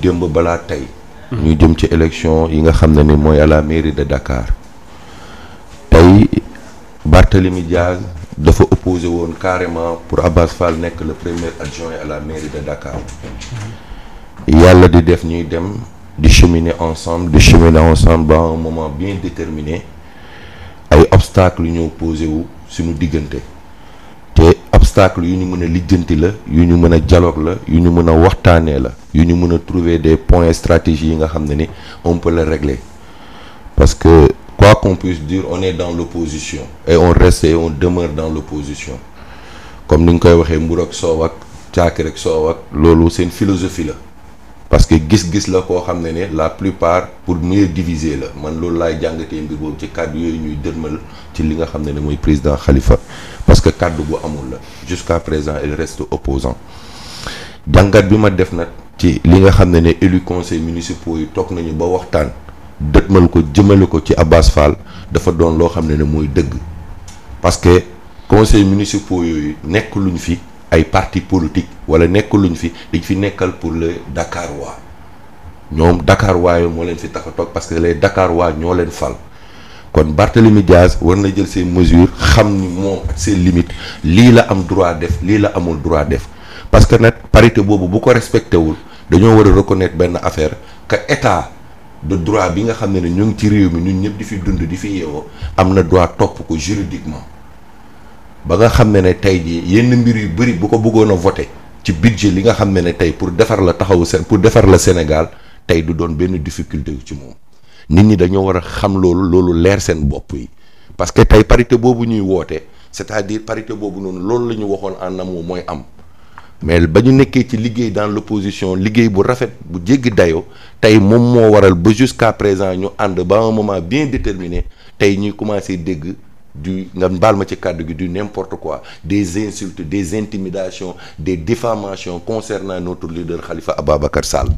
démb balaa tey. ñu jëm ci élection yi nga xam ne ni mooy à la mairie de Dakar tey Barthélemy Diaz dafa opposé woon carrément pour Abbas Fall nekk le premier adjoint à la mairie de Dakar yàlla di def ñuy dem di cheminer ensemble di cheminer ensemble ba un moment bien déterminé ay obstacles yu ñu posé wu suñu diggante. te obstacle yu ñu mën a lijjanti la yu ñu mën a jaloog la yu ñu mën a waxtaanee la yu ñu mën a trouver des points stratégies yi nga xam ne ni on peut le régler parce que quoi qu'on puisse dire on est dans l'opposition et on reste et on demeure dans l'opposition comme ni nga koy waxee mbur ak soow ak caaki rek soow ak loolu seen philosophie la parce que gis-gis la koo xam ne ne la plupart pour mieux diviser la man loolu laay jàngatee mbir boobu ci kàddu yooyu ñuy dërmal ci li nga xam ne ne mooy président Khalifa que kàddu bu amul la jusqu'à présent il reste opposant jàngat bi ma def nag ci li nga xam ne ne élu conseil municipaux yi toog nañu ba waxtaan dëtmal ko jëmale ko ci Abass Fall dafa doon loo xam ne ne mooy dëgg parce que conseil municipaux yooyu nekk luñ fi ay parti politique wala nekk luñ fi dañ fi nekkal pour le Dakar waa ñoom Dakar waa yooyu moo leen fi tax a toog parce que les Dakar waa ñoo leen fal kon Barthélemy Diaz war na jël seen mesures xam ni moom ak ses limites lii la am droit def lii la amul droit def parce que nag parité boobu bu ko respecté wul dañoo war a reconnaître benn affaire que état de droit bi nga xam ne ne ñu ngi ci réew mi ñun ñëpp di fi dund di fi yeewoo am na droit topp ko juridiquement ba nga xam ne ne tey jii yenn mbir yu bëri bu ko bëggoon a voté ci budget li nga xam ne ne tey pour defar la taxawu seen pour defar la Sénégal tey du doon benn difficulté ci moom. nit ñi dañoo war a xam loolu loolu leer seen bopp yi parce que tey parité boobu ñuy woote c'est-à-dire parité boobu noonu loolu la ñu waxoon en amont mooy am mais ba ñu nekkee ci liggéey dans l'opposition liggéey bu rafet bu jéggi dayoo tey moom moo waral ba jusqu'à présent ñu ànd ba moment bien déterminé tey ñuy commencé dégg du nga baal ma ci kàddu gi du n'importe quoi des insultes des intimidations des diffamations concernant notre leader Khalifa Ababacar Sall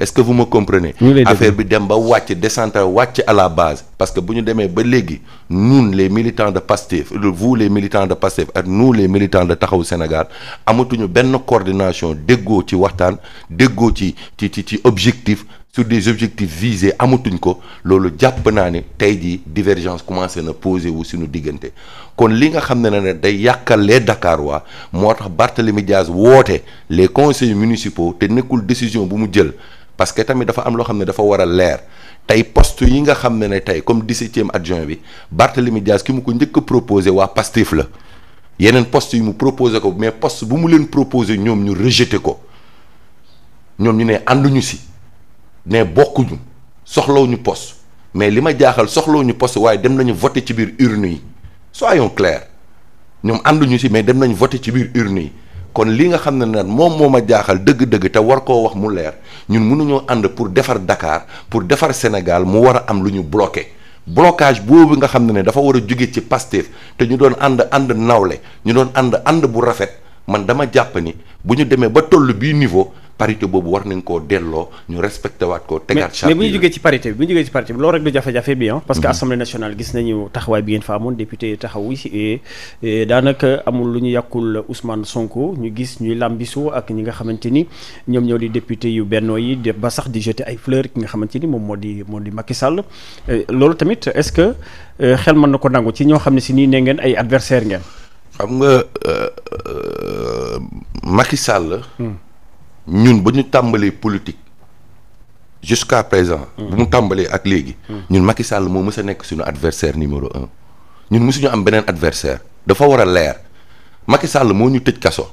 est-ce que vous me comprenez affaire bi dem ba wàcc décentrale wàcc à la base parce que bu ñu demee ba léegi ñun les militant de Pastef vous les militants de Pastef ak nous les militants de Taxawu Sénégal amatuñu benn coordination déggoo ci waxtaan déggoo ci ci ci ci objectif sur des objectifs visés amatuñ ko loolu jàpp naa ne tey jii divergence commencé na posé wu suñu diggante kon li nga xam ne ne day yàqal lee Dakar waa moo tax Barthélemy Diaz woote les conseils municipaux te nekkul décision bu mu jël parce que tamit dafa am loo xam ne dafa war a leer tey post yi nga xam ne ne tey comme dix-septième adjoint bi Barthélemy Dias ki mu ko njëkk a proposé waa Pastef la yeneen post yi mu proposé ko mais poste bu mu leen proposé ñoom ñu rejeté ko ñoom ñu ne ànduñu si ne bokkuñu soxlawuñu post mais li ma jaaxal soxlawuñu poste waaye dem nañu voté ci biir urne yi soyons clairs ñoom ànduñu si mais dem nañu voté ci biir urne yi kon li nga xam ne nag moom moo ma jaaxal dëgg-dëgg te war koo wax mu leer ñun mënuñoo ànd pour defar dakaar pour defar Sénégal mu war a am lu ñu bloqué blocage boobu nga xam ne dafa war a jóge ci Pastef te ñu doon ànd ànd nawle ñu doon ànd ànd bu rafet man dama jàpp ni bu ñu demee ba toll bii niveau parité boobu war nañ koo delloo ñu respecté waat ko tegaat charte mais bu ñu jógee ci parité bi bu ñu jógee ci parité bi loolu rek du jafe-jafe bi ah parce que mhm. assemblée nationale gis nañu taxawaay bi daanaka amul lu ñu yàkkul Ousmane Sonko ñu gis ñuy làmbisu ak ñi nga xamante ni ñoom ñoo di député yu bennoo yi ba sax di jeter ay fleur ki nga xamante ni moom moo di moo di Macky Sall euh, loolu tamit est-ce que euh, xel mën na ko nangu ci ñoo xam ne si nii ne ngeen ay adversaire ngeen xam nga euh, Macky Sall hmm. ñun ba ñu tàmbalee politique jusqu'à présent. bu mu tàmbalee ak léegi. ñun Macky Sall moo mës nekk suñu adversaire numéro un ñun mësuñu am beneen adversaire dafa war a leer Macky Sall moo ñu tëj kaso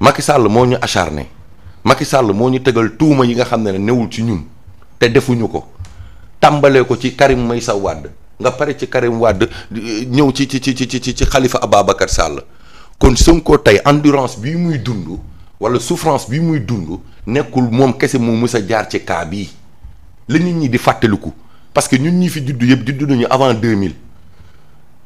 Macky Sall moo ñu acharné Macky Sall moo ñu tegal tuuma yi nga xam ne ne newul ci ñun te defuñu ko tàmbalee ko ci Karim Meïssa Wade nga pare ci Karim Wade ñëw ci ci ci ci ci Khalifa Ababacar Sall kon Sonko tey endurance bii muy dund. wala souffrance bi muy dund nekkul moom kese moo mës a jaar ci kaa bii la nit ñi di fàttaliku parce que ñun ñi fi juddu yëpp juddu nañu avant 2000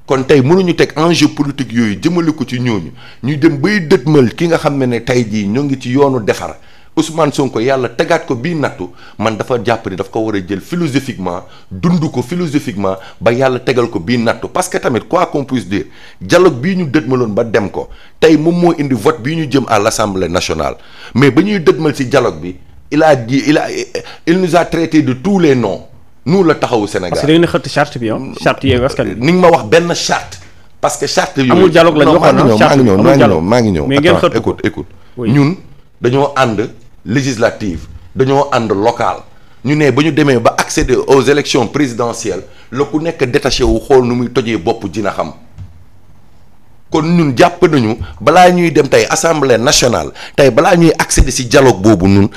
kon tey mënuñu teg enjeu politique yooyu jëmale ko ci ñooñu ñu dem bay dëtmal ki nga xam ne ne tey jii ñoo ngi ci yoonu defar Ousmane Sonko yàlla tegaat ko bii nattu man dafa jàpp ni daf ko war a jël philosophiquement dund ko philosophiquement ba yàlla tegal ko bii nattu parce que tamit quoi qu'on puisse dire dialogue bii ñu dëtmaloon ba dem ko tey moom moo indi vote bii ñu jëm à l'Assemblée nationale mais ba ñuy dëtmal ci dialogue bi il a dit il a il nous a traité de tous les noms nous la taxawu Sénégal parce que da ngeen xëtt charte bi ah. mm. yow ni nga ma wax benn charte parce que charte yooyu amul la ñu waxoon maa ngi ah. maa ngi ñëw maa ngi ñëw législative dañoo ànd local ñu ne ba ñu demee ba accéder aux élections présidentielles la ku nekk détaché wu xool nu muy tojee bopp dina xam kon ñun jàpp nañu balaa ñuy dem tey assemblée nationale tey balaa ñuy accéder ci jaloog boobu ñun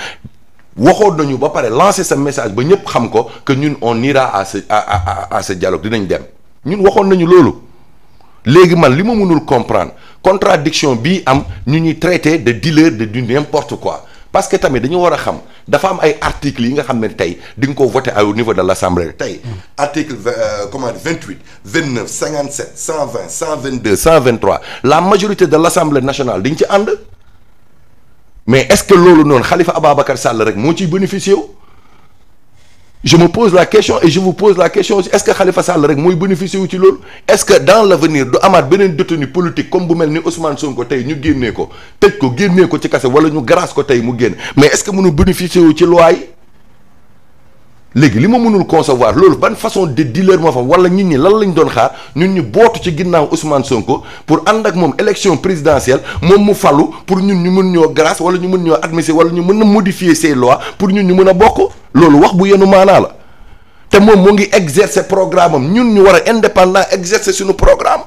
waxoon nañu ba pare lancé sa message ba ñëpp xam ko que ñun on ira à ce à à à ce dinañ dem ñun waxoon nañu loolu léegi man li ma mënul comprendre contradiction bii am ñu ñuy traité de dealer de du n'importe quoi parce que tamit dañu war a xam dafa am ay articles yi nga xam ne tey di nga ko voté au niveau de l' assemblée tey article euh, comment dire vingt huit vingt neuf cinquante cent cent vingt deux cent vingt trois la majorité de l' assemblée nationale di ci ànd mais est ce que loolu noonu Khalifa Ababacar Sall rek moo ciy bénéficié wu. je me pose la question et je vous pose la question aussi est-ce rek mooy bénéficier wu ci loolu est-ce que dans l'avenir du amaat beneen détenu politique comme bu mel ni Ousmane Sonko tey ñu génnee ko tëj ko génnee ko ci kaso wala ñu grâce ko tey mu génn mais est-ce que mënu bénéficier wu ci loi léegi li ma mënul concevoir loolu ban façon de dealer moo fa wala nit ñi lan lañu doon xaar ñun ñu bootu ci ginnaaw Ousmane Sonko pour ànd ak moom élection présidentielle moom mu falu pour ñun ñu mën ñoo grâce wala ñu mën ñoo admissé wala ñu mën na modifier ces lois pour ñun ñu mën a bokk loolu wax bu yenu maanaa la te moom mu ngi exercer programme ñun ñu war a indépendant exercer suñu programme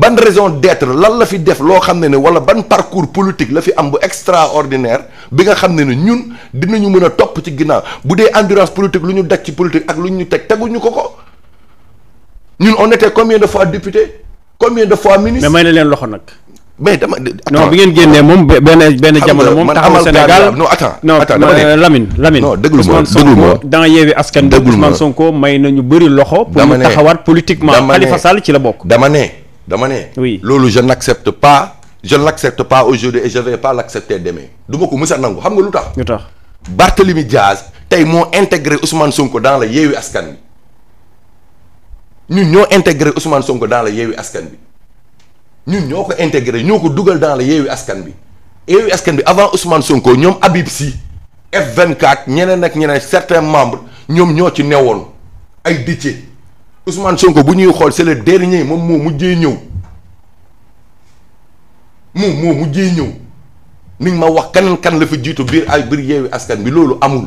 ban raison d'être lan la fi def loo xam ne ne wala ban parcours politique la fi am bu extraordinaire bi nga xam ne ne ñun dinañu mën a topp ci ginnaaw bu dee endurance politique lu ñu daj ci politique ak lu ñu teg teguñu ko ko ñun on était combien de fois député combien de fois ministre. mais may na leen loxo nag. mais dama. non bi ngeen génne moom benn benn jamono moom. taxawu Sénégal non attends non euh, Lamine Lamine. non déglu ma déglu ma dans Yewwi Askan Wi Ousmane Sonko may nañu bëri loxo. pour mu taxawaat politiquement Khalifa Sall ci la bokk. dama ne. dama ne. oui loolu je n'accepte pas je n'accepte pas aujourd'hui et je vais pas la demain demee ma ko mës a nangu xam nga lu tax. lu tax Barthélemy Diaz tey moo intégré Ousmane Sonko dans la Yewwi Askan bi ñun ñoo intégré Ousmane Sonko dans la Yewwi Askan bi ñun ñoo ko intégré ñoo ko dugal dans la Yewwi Askan bi Yewwi Askan bi avant Ousmane Sonko ñoom Habib Sy F24 ñeneen ak ñeneen certains membres ñoom ñoo ci newoon ay dëcce. Ousmane Sonko bu ñuy xool c'est le dernier moom moo mujjee ñëw moom moo mujjee ñëw ni ma wax kan kan la fi jiitu biir ay biir yeewi askan bi loolu amul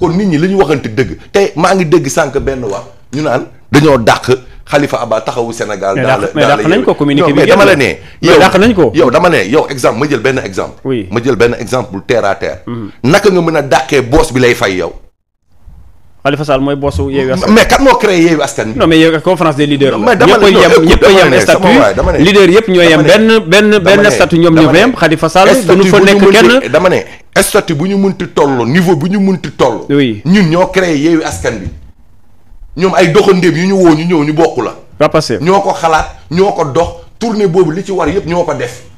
kon nit ñi li ñu waxante dëgg te maa ngi dëgg sànq benn wax ñu naan dañoo dàq Khalifa Abba taxawu Sénégal. dans la mais dàq nañ ko communiqué bi dama la ne. yow nañ ko yow dama ne yow exemple ma jël benn exemple. ma jël benn exemple terre à terre. Mhm. naka nga mën a dàqee boos bi lay fay yow. Khalifa Sall mooy bossu Yewwi Askan kan moo créé Yewwi Askan bi non mais yow conférence des leaders la ñëpp ay yem leader yëpp ñooy yem benn benn benn statut ñoom ñoo yem Khalifa Sall duñu fa nekk kenn dama ne bu ñu munti toll niveau bu ñu munti toll oui ñun ñoo créé Yewwi Askan bi ñoom ay doxandéem yu ñu woo ñu ñëw ñu bokk la ñoo ko xalaat ñoo ko dox tournée boobu li ci war yëpp ñoo ko def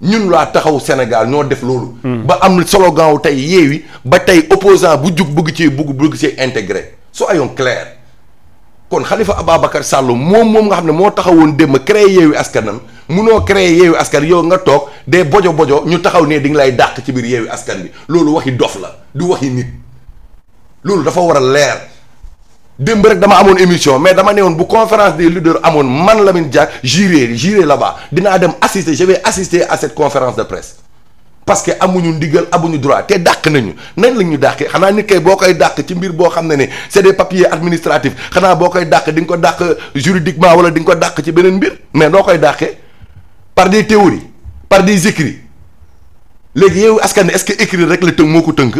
ñun laa taxaw Sénégal ñoo def loolu. Hmm. ba am slogan wu tey yeewi ba tey opposant bu jug bëgg cee bugg bëgg cee soo ayoon clairs kon Khalifa Ababacar Sall moom moom nga xam ne moo taxawoon démb créé yeewi askanam munoo créé yeewi askan yow nga toog de bojo bojo ñu taxaw ne di nga lay dàq ci biir yeewi askan bi loolu wax yi dof la du waxi nit loolu dafa war a leer. démb rek dama amoon émission mais dama ne woon bu conférence des leaders amoon man Lamine Diack j'irai j'irai là-bas dinaa dem assister je vais assister à cette conférence de presse parce que amuñu ndigal amuñu droit te dàq nañu nañ lañ ñu dàqee xanaa nit kay boo koy dàq ci mbir boo xam ne ne c'est des papiers administratifs xanaa boo koy dàq di nga ko dàq juridiquement wala di nga ko dàq ci beneen mbir mais noo koy dàqee par des théories par des écrits léegi yow askan est-ce que écrit rek la moo ko tënk.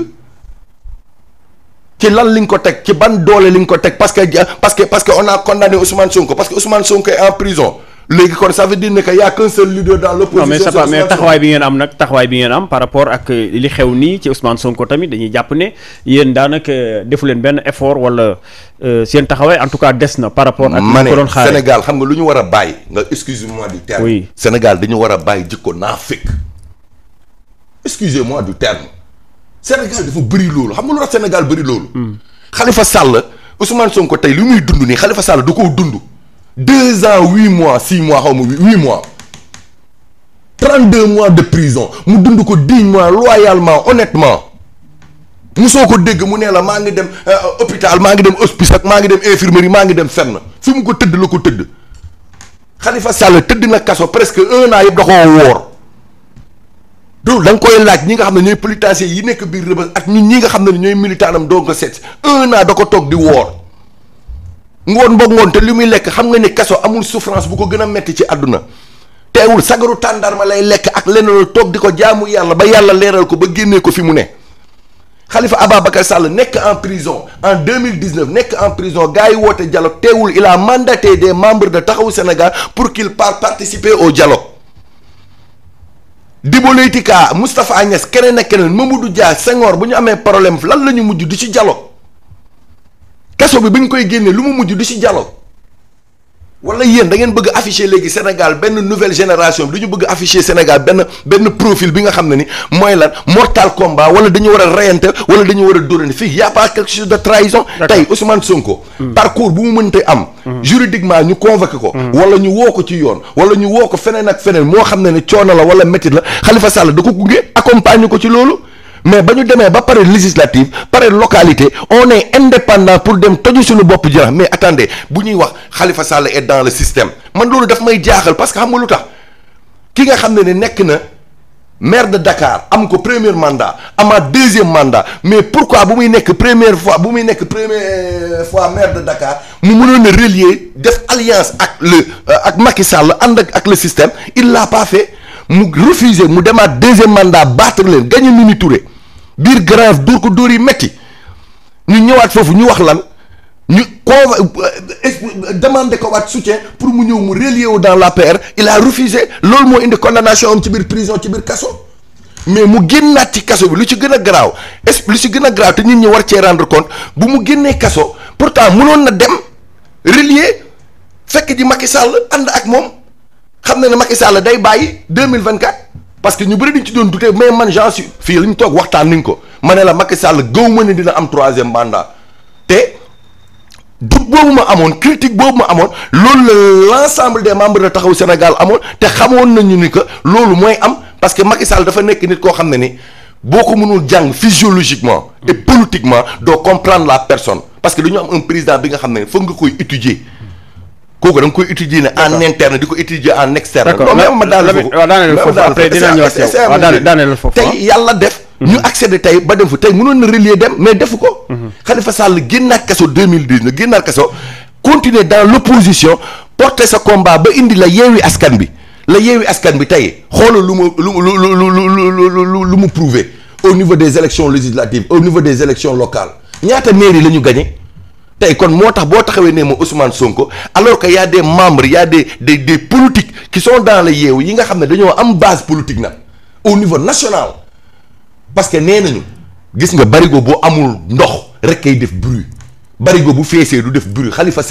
ci lan liñ ko teg ci ban doole liñ ko teg parce que parce que parce que on a condamné Ousmane Sonko parce que Ousmane Sonko est en prison léegi kon ça veut dire ne que a qu'un seul leader dans li xew nii ci Ousmane Sonko tamit dañuy jàpp ne yéen daanaka defu leen benn effort wala euh, seen taxawaay en tout cas des na. par rapport ak li ko doon xaaree Sénégal xam nga lu ñu war a bàyyi nga excusez-moi du terme. oui dañu war a bàyyi jikko naafik excusez-moi du terme. Sénégal dafa bëri loolu xam nga lu tax Sénégal bëri loolu. Khalifa Sall Ousmane Sonko tey lu muy dund nii xalifa Sall du koo dund deux ans huit mois six mois xaw ma huit mois. deux mois de prison mu dund ko dignement loyalement honnêtement mu soo ko dégg mu nee la maa ngi dem euh, euh, hôpital maa ngi dem hospice maa ngi dem infirmerie maa ngi dem fenn fi mu ko tëdd la ko tëdd Khalifa Sall tëdd na kaso presque un an yëpp da koo woor. loolu da nga koy laaj ñi nga xam ne ñooy politiciens yi nekk biir ak ñun ñi nga xam ne ñooy militant am doo ko seet ko toog di woor ngoon ba ngoon te li muy lekk xam nga ne kaso amul souffrance bu ko gën a metti ci àdduna teewul sagaru tàndarma lay lekk ak leneen toog di ko jaamu yàlla ba yàlla leeral ko ba génnee ko fi mu ne Khalifa Ababacar Sall nekk en prison en 2019 nekk en prison gars yi woote dialogue teewul il a mandaté des membres de Taxawu Sénégal pour qu'il part participer au jalo Dibo Leyti Ka Moustapha Niass keneen ak keneen Mamadou Dia Senghor bu ñu amee problème lan la ñu mujj du ci dialogue kaso bi bi ñu koy génnee lu mu mujj di ci dialogue wala yéen da ngeen bëgg afficher léegi Sénégal benn nouvelle génération bi du ñu bëgg afficher Sénégal benn benn profil bi nga xam ne ni mooy lan mortal combat wala dañu war a reyante wala dañu war a dóorante fii y a pas quelque chose de trahison tey Ousmane Sonko hmm. parcours bu mu mënte am hmm. juridiquement ñu convoqué ko hmm. wala ñu woo ko ci yoon wala ñu woo ko feneen ak feneen moo xam ne ne coono la wala métit la Khalifa Sall da ko gunge accompagne ko ci loolu mais ba ñu demee ba pare législative pare localité on est indépendant pour dem toju suñu bopp jarax mais attendez bu ñuy wax xalifa Sall est dans le système man loolu daf may jaaxal parce que xam nga lu tax ki nga xam ne ne nekk na maire de Dakar am ko première mandat amaat deuxième mandat mais pourquoi bu muy nekk première fois bu muy nekk première fois maire de Dakar mu mënoon a relier des alliance ak le euh, ak Macky Sall ànd ak le système il l'a pas mu refusé mu demaat deuxième mandat battre leen gagné Mimi Touré biir grave dóor ko dóor yi metti ñu ñëwaat foofu ñu wax lan ñu convo euh, demande ko waat soutien pour mu ñëw mu relier wu dans la il a refusé loolu moo indi condamnation am ci biir prison ci biir kaso mais mu génnaat ci kaso bi lu ci gën a garaaw est lu ci gën a garaaw te nit ñi war cee rendre compte bu mu génnee kaso pourtant mënoon na dem relier fekk ji Macky Sall ànd ak moom. xam na ne Macky Sall day bàyyi 2024 parce que ñu bëri dañ ci doon douter mais man j'en suis fii liñ toog waxtaan nañ ko ma ne la Macky Sall gëw ma ne dina am troisième mandat te doute boobu ma amoon critique boobu ma amoon loolu la l'ensemble des membres de taxaw Sénégal amoon te xamoon nañu ni que loolu mooy am parce que Macky Sall dafa nekk nit koo xam ne ni boo ko mënul jàng physiologiquement et politiquement doo comprendre la personne parce que dañu am un président bi nga xam ne foog nga koy étudier kooku danga nga koy étudier ne en interne di ko étudier en externe. d'accord ma daaneel foofu daaneel foofu après dina ñëwaat si yow daaneel foofu tey yàlla def. ñu mhm. accéder tey ba dem fu tey mënoon na relier dem mais defu ko. Mhm. Khalifa Sall génnaat kaso 2019 génnaat kaso continuer dans l'opposition porter sa combat ba indi la yeewi askan bi la yeewi askan bi tey xoolal lu mu lu lu lu lu lu lu lu lu mu prouver au niveau des élections législatives au niveau des élections locales ñaata mairie la ñu gagné. tey kon moo tax boo taxawee nee ma Ousmane Sonko alors que y a membre membres y a des des des politiques qui sont dans le yeewu yi nga xam ne dañoo am base politique na au niveau national parce que nee nañu gis nga barigo bu amul ndox rek kay def bruit barigo bu feesee du def bruit Khalifa